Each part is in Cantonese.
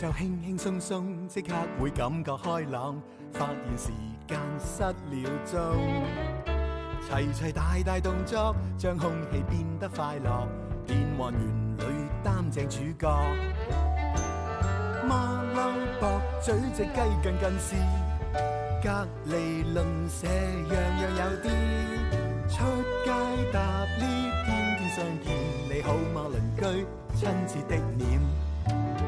就輕輕鬆鬆，即刻會感覺開朗，發現時間失了蹤。齊齊大大動作，將空氣變得快樂，變幻園裏擔正主角。馬騮博嘴隻雞近近視，隔離鄰舍樣樣有啲。出街搭 lift，天天相見，你好嗎鄰居？ 親切的臉。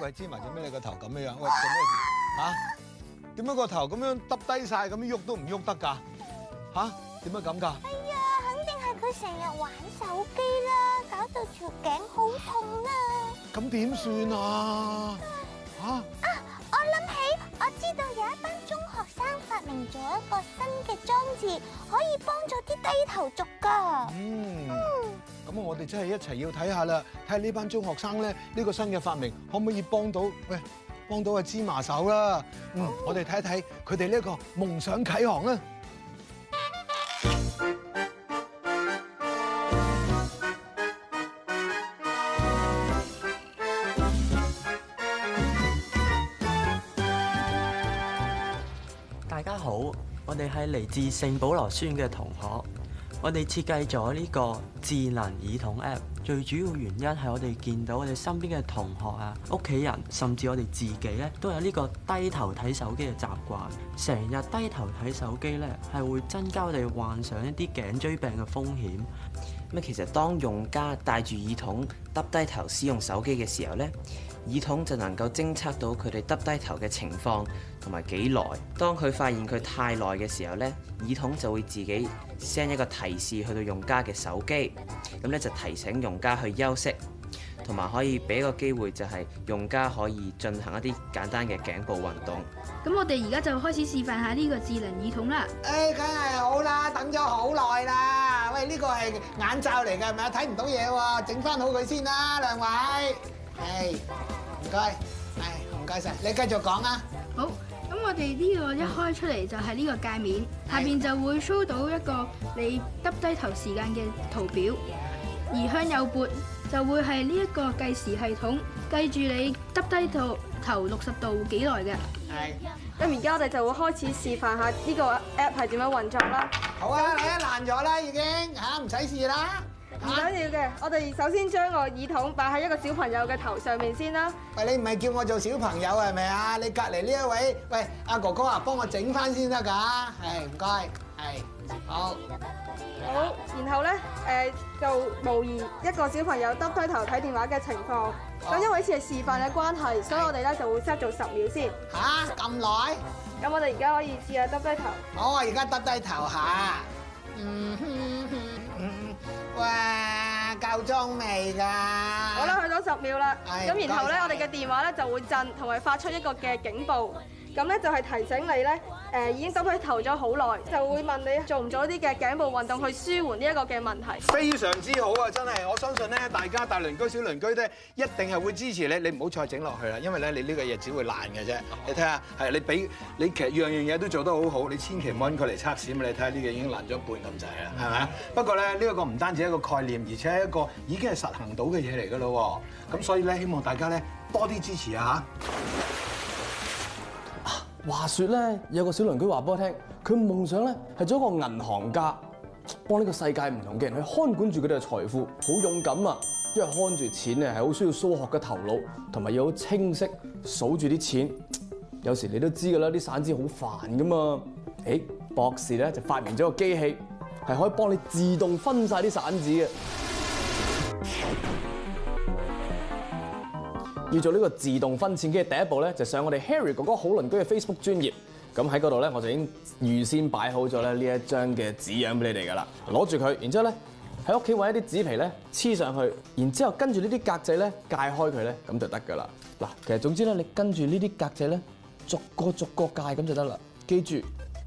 喂，支埋做咩？你個頭咁樣樣，喂，做咩事啊？點樣個頭咁樣耷低晒，咁樣喐都唔喐得噶？吓？點樣咁噶？係啊，肯定係佢成日玩手機啦，搞到條頸好痛啊！咁點算啊？吓？啊！我諗起，我知道有一班中學生發明咗一個新嘅裝置，可以幫助啲低頭族噶。嗯。咁我哋真係一齊要睇下啦，睇下呢班中學生咧，呢個新嘅發明可唔可以幫到？喂，幫到阿芝麻手啦！嗯，我哋睇一睇佢哋呢個夢想啓航啦！大家好，我哋係嚟自聖保羅書院嘅同學。我哋設計咗呢個智能耳筒 App，最主要原因係我哋見到我哋身邊嘅同學啊、屋企人，甚至我哋自己咧，都有呢個低頭睇手機嘅習慣。成日低頭睇手機呢，係會增加我哋患上一啲頸椎病嘅風險。咁其實當用家戴住耳筒耷低頭使用手機嘅時候呢，耳筒就能夠偵測到佢哋耷低頭嘅情況同埋幾耐。當佢發現佢太耐嘅時候呢，耳筒就會自己 send 一個提示去到用家嘅手機，咁咧就提醒用家去休息，同埋可以俾個機會就係用家可以進行一啲簡單嘅頸部運動。咁我哋而家就開始示範下呢個智能耳筒啦。誒、哎，梗係好啦，等咗好耐啦。喂，呢個係眼罩嚟㗎，係咪啊？睇唔到嘢喎，整翻好佢先啦，兩位。係，唔該，唉，唔該曬，你繼續講啦。好，咁我哋呢個一開出嚟就係呢個界面，下邊就會 show 到一個你耷低頭時間嘅圖表，而向右撥就會係呢一個計時系統，計住你耷低頭頭六十度幾耐嘅？係。咁而家我哋就會開始示範下呢個 app 係點樣運作啦。好啊，以你都爛咗啦，已經吓唔使試啦，唔緊要嘅。啊、我哋首先將個耳筒擺喺一個小朋友嘅頭上面先啦。喂，你唔係叫我做小朋友係咪啊？你隔籬呢一位，喂阿哥哥啊，幫我整翻先得噶。係，唔該。係，好，好，然後咧，誒，就模擬一個小朋友耷低頭睇電話嘅情況。咁、哦、因為好似係示範嘅關係，是所以我哋咧，就會 e t 做十秒先。吓、啊，咁耐？咁我哋而家可以試下耷低頭。好啊，而家耷低頭吓、嗯嗯嗯。哇，夠鐘未噶？好啦，去到十秒啦。咁、哎、然後咧，謝謝我哋嘅電話咧就會震，同埋發出一個嘅警報。咁咧就係提醒你咧，誒已經收喺頭咗好耐，就會問你做唔做啲嘅頸部運動去舒緩呢一個嘅問題。非常之好啊，真係！我相信咧，大家大鄰居小鄰居咧，一定係會支持你。你唔好再整落去啦，因為咧你呢個嘢只會爛嘅啫。你睇下，係你俾你其實樣樣嘢都做得好好，你千祈唔好揾佢嚟測試嘛。你睇下呢個已經爛咗一半咁滯啦，係咪啊？不過咧呢一個唔單止係一個概念，而且係一個已經係實行到嘅嘢嚟㗎咯。咁所以咧希望大家咧多啲支持啊！嚇。話說咧，有個小鄰居話俾我聽，佢夢想咧係做一個銀行家，幫呢個世界唔同嘅人去看管住佢哋嘅財富，好勇敢啊！因為看住錢咧係好需要數學嘅頭腦，同埋要好清晰數住啲錢。有時你都知㗎啦，啲散紙好煩㗎嘛。誒、欸，博士咧就發明咗個機器，係可以幫你自動分晒啲散紙嘅。要做呢個自動分錢機嘅第一步咧就上我哋 Harry 哥哥好鄰居嘅 Facebook 專頁。咁喺嗰度咧，我就已經預先擺好咗咧呢一張嘅紙樣俾你哋噶啦。攞住佢，然之後咧喺屋企揾一啲紙皮咧黐上去，然之後跟住呢啲格仔咧界開佢咧，咁就得噶啦。嗱，其實總之咧，你跟住呢啲格仔咧逐個逐個界咁就得啦。記住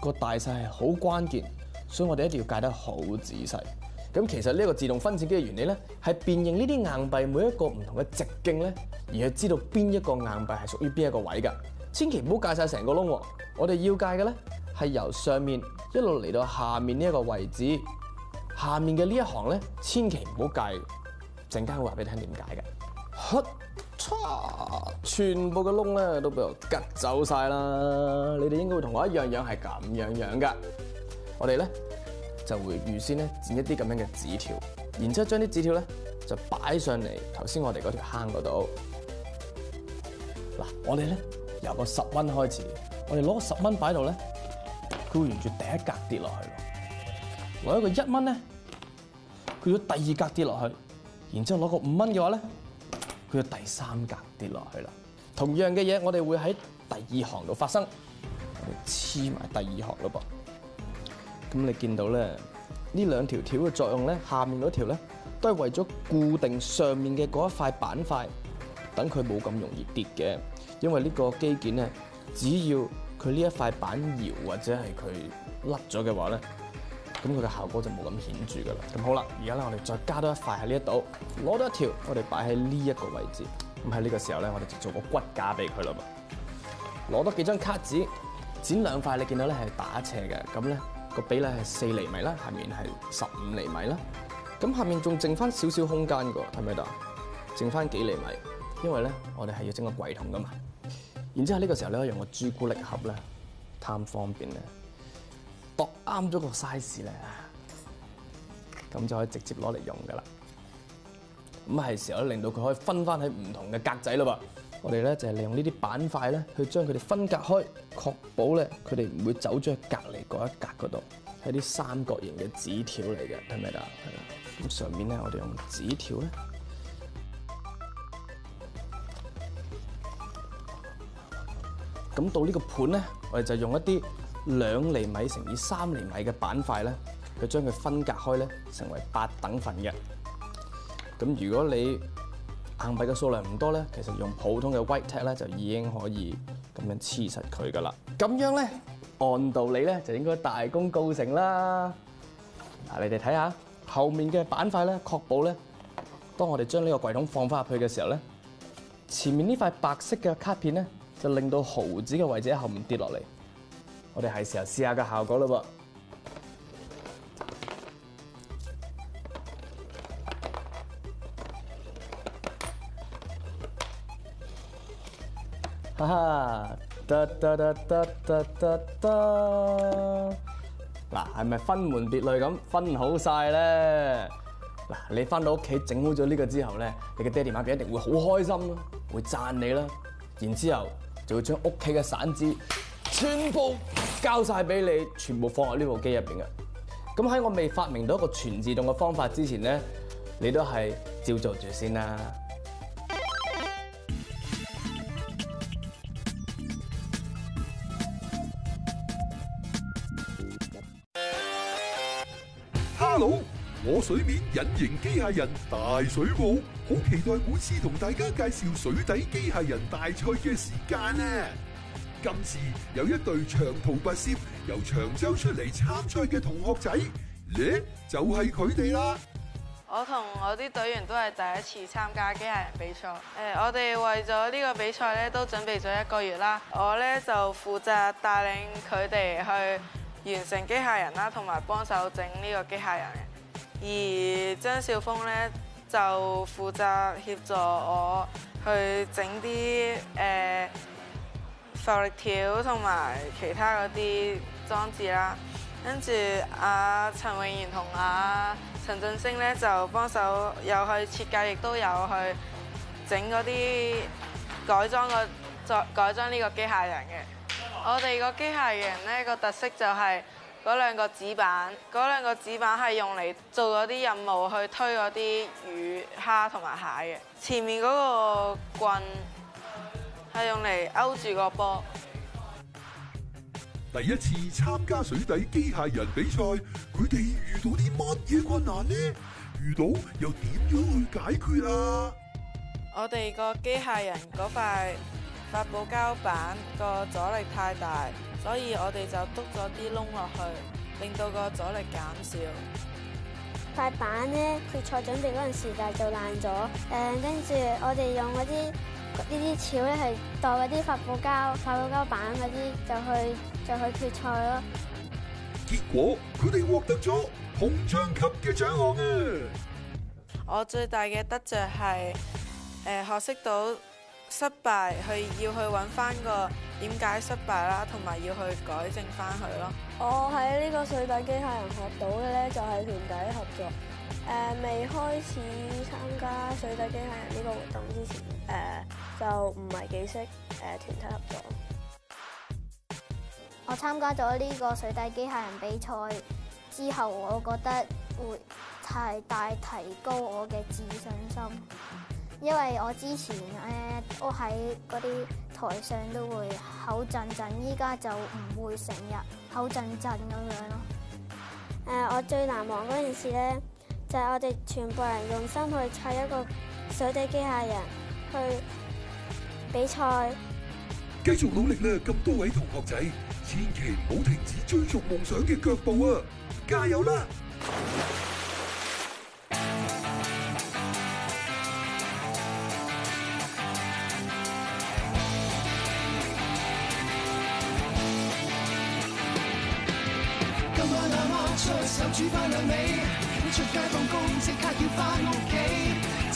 個大細係好關鍵，所以我哋一定要界得好仔細。咁其實呢一個自動分錢機嘅原理咧，係辨認呢啲硬幣每一個唔同嘅直徑咧，而係知道邊一個硬幣係屬於邊一個位㗎。千祈唔好界晒成個窿哦，我哋要界嘅咧係由上面一路嚟到下面呢一個位置，下面嘅呢一行咧，千祈唔好界。陣間會話俾你聽點解嘅。全部嘅窿咧都俾我吉走晒啦，你哋應該會同我一樣樣係咁樣樣㗎。我哋咧。就會預先咧剪一啲咁樣嘅紙條，然之後將啲紙條咧就擺上嚟頭先我哋嗰條坑嗰度。嗱，我哋咧由個十蚊開始，我哋攞個十蚊擺度咧，佢會沿住第一格跌落去；攞一個一蚊咧，佢要第二格跌落去；然之後攞個五蚊嘅話咧，佢要第三格跌落去啦。同樣嘅嘢，我哋會喺第二行度發生，黐埋第二行咯噃。咁你見到咧呢兩條條嘅作用咧，下面嗰條咧都係為咗固定上面嘅嗰一塊板塊，等佢冇咁容易跌嘅。因為這個呢個機件咧，只要佢呢一塊板搖或者係佢甩咗嘅話咧，咁佢嘅效果就冇咁顯著噶啦。咁好啦，而家咧我哋再加多一塊喺呢一度，攞多一條，我哋擺喺呢一個位置。咁喺呢個時候咧，我哋就做個骨架俾佢啦嘛。攞多幾張卡紙，剪兩塊，你見到咧係打斜嘅，咁咧。個比例係四厘米啦，下面係十五厘米啦，咁下面仲剩翻少少空間噶，睇唔睇得？剩翻幾厘米？因為咧，我哋係要整個櫃桶噶嘛。然之後呢個時候咧，用個朱古力盒咧，貪方便咧，度啱咗個 size 咧，咁就可以直接攞嚟用噶啦。咁係時候咧，令到佢可以分翻喺唔同嘅格仔咯噃。我哋咧就係利用呢啲板塊咧，去將佢哋分隔開，確保咧佢哋唔會走咗去隔離嗰一格嗰度。係啲三角形嘅紙條嚟嘅，係咪啊？係啦。咁上面咧，我哋用紙條咧。咁到呢個盤咧，我哋就用一啲兩厘米乘以三厘米嘅板塊咧，去將佢分隔開咧，成為八等份嘅。咁如果你硬幣嘅數量唔多咧，其實用普通嘅 white tag 咧就已經可以咁樣黐實佢噶啦。咁樣咧，按道理咧就應該大功告成啦。嗱，你哋睇下後面嘅板塊咧，確保咧，當我哋將呢個櫃桶放翻入去嘅時候咧，前面呢塊白色嘅卡片咧就令到毫子嘅位置喺後面跌落嚟。我哋係時候試下個效果啦噃。哈，嗱，係咪分門別類咁分好晒咧？嗱，你翻到屋企整好咗呢個之後咧，你嘅爹哋媽咪一定會好開心啦，會讚你啦，然之後就會將屋企嘅散紙全部交晒俾你，全部放喺呢部機入邊嘅。咁喺我未發明到一個全自動嘅方法之前咧，你都係照做住先啦。水面隱形機械人大水泡，好期待本次同大家介紹水底機械人大賽嘅時間啊！今時有一隊長途跋涉由長洲出嚟參賽嘅同學仔，咧就係佢哋啦。我同我啲隊員都係第一次參加機械人比賽，誒，我哋為咗呢個比賽咧都準備咗一個月啦。我咧就負責帶領佢哋去完成機械人啦，同埋幫手整呢個機械人。而張少峰呢，就負責協助我去整啲誒浮力條同埋其他嗰啲裝置啦。跟住阿陳永賢同阿陳俊升呢，就幫手又去設計，亦都有去整嗰啲改裝個改裝呢個機械人嘅。我哋個機械人呢，個特色就係、是。嗰兩個紙板，嗰兩個紙板係用嚟做嗰啲任務去推嗰啲魚、蝦同埋蟹嘅。前面嗰個棍係用嚟勾住個波。第一次參加水底機械人比賽，佢哋遇到啲乜嘢困難呢？遇到又點樣去解決啊？我哋個機械人嗰塊。發泡膠板個阻力太大，所以我哋就篤咗啲窿落去，令到個阻力減少。塊板咧，決賽準備嗰陣時就就爛咗。誒，跟住我哋用嗰啲呢啲條咧，係代嗰啲發泡膠發泡膠板嗰啲，就去就去決賽咯。結果佢哋獲得咗銅章級嘅獎項啊！我最大嘅得着係誒，學識到。失敗，去要去揾翻個點解失敗啦，同埋要去改正翻佢咯。我喺呢個水底機械人學到嘅咧，就係團體合作。誒、呃，未開始參加水底機械人呢個活動之前，誒、呃，就唔係幾識誒團體合作。我參加咗呢個水底機械人比賽之後，我覺得會大大提高我嘅自信心。因為我之前咧、呃，我喺嗰啲台上都會口震震，依家就唔會成日口震震咁樣咯。誒、呃，我最難忘嗰件事咧，就係、是、我哋全部人用心去砌一個水底機械人去比賽。繼續努力啦！咁多位同學仔，千祈唔好停止追逐夢想嘅腳步啊！加油啦！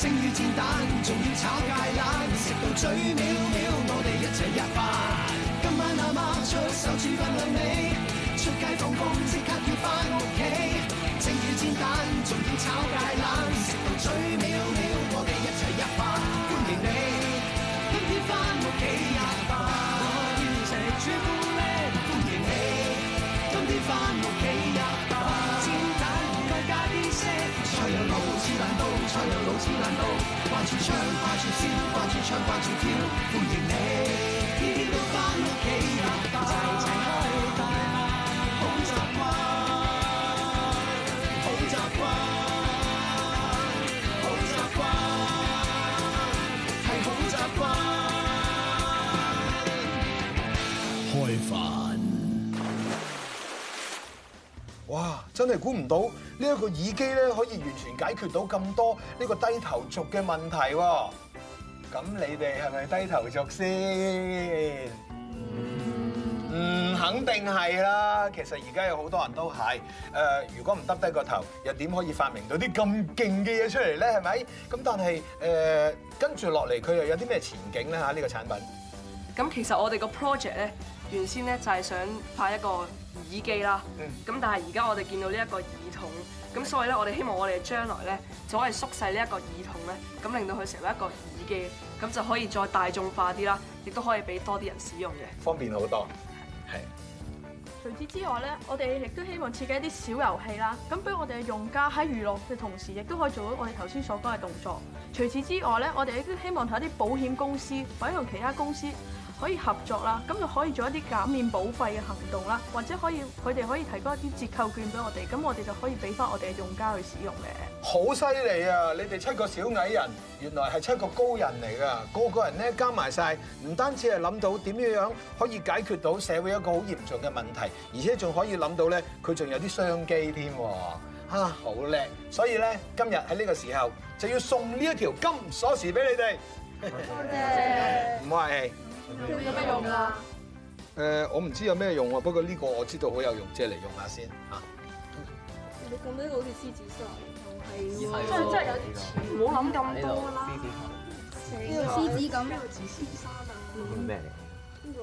蒸魚煎蛋，仲要炒芥蘭，食到嘴藐藐，我哋一齊入飯。今晚阿媽出手煮飯靚你出街放風，即刻。財路老子難渡，掛住唱，掛住笑，掛住唱，掛住跳，歡迎你天天都返屋企。哇！真係估唔到呢一個耳機咧，可以完全解決到咁多呢個低頭族嘅問題喎。咁你哋係咪低頭族先？嗯，肯定係啦。其實而家有好多人都係。誒，如果唔耷低個頭，又點可以發明到啲咁勁嘅嘢出嚟咧？係咪？咁但係誒，跟住落嚟佢又有啲咩前景咧？嚇，呢個產品。咁其實我哋個 project 咧，原先咧就係想拍一個。耳機啦，咁但係而家我哋見到呢一個耳筒，咁所以咧，我哋希望我哋嘅將來咧，就可以縮細呢一個耳筒咧，咁令到佢成為一個耳機，咁就可以再大眾化啲啦，亦都可以俾多啲人使用嘅，方便好多。係。除此之外咧，我哋亦都希望設計一啲小遊戲啦，咁俾我哋嘅用家喺娛樂嘅同時，亦都可以做到我哋頭先所講嘅動作。除此之外咧，我哋亦都希望同一啲保險公司或者同其他公司，可以合作啦，咁就可以做一啲減免保費嘅行動啦，或者可以佢哋可以提供一啲折扣券俾我哋，咁我哋就可以俾翻我哋嘅用家去使用嘅。好犀利啊！你哋七個小矮人，原來係七個高人嚟㗎，個個人咧加埋晒，唔單止係諗到點樣樣可以解決到社會一個好嚴重嘅問題，而且仲可以諗到咧，佢仲有啲商機添喎。啊，好叻！所以咧，今日喺呢個時候就要送呢一條金鎖匙俾你哋，多謝，唔使客氣。有咩用啊？誒、呃，我唔知道有咩用啊。不過呢個我知道好有用，即係嚟用下先嚇、啊嗯呢個。你咁樣好似獅子山，又係，真係真係有啲似。唔好諗咁多啦。呢個獅子咁，呢、嗯呢個似獅子山啊。呢個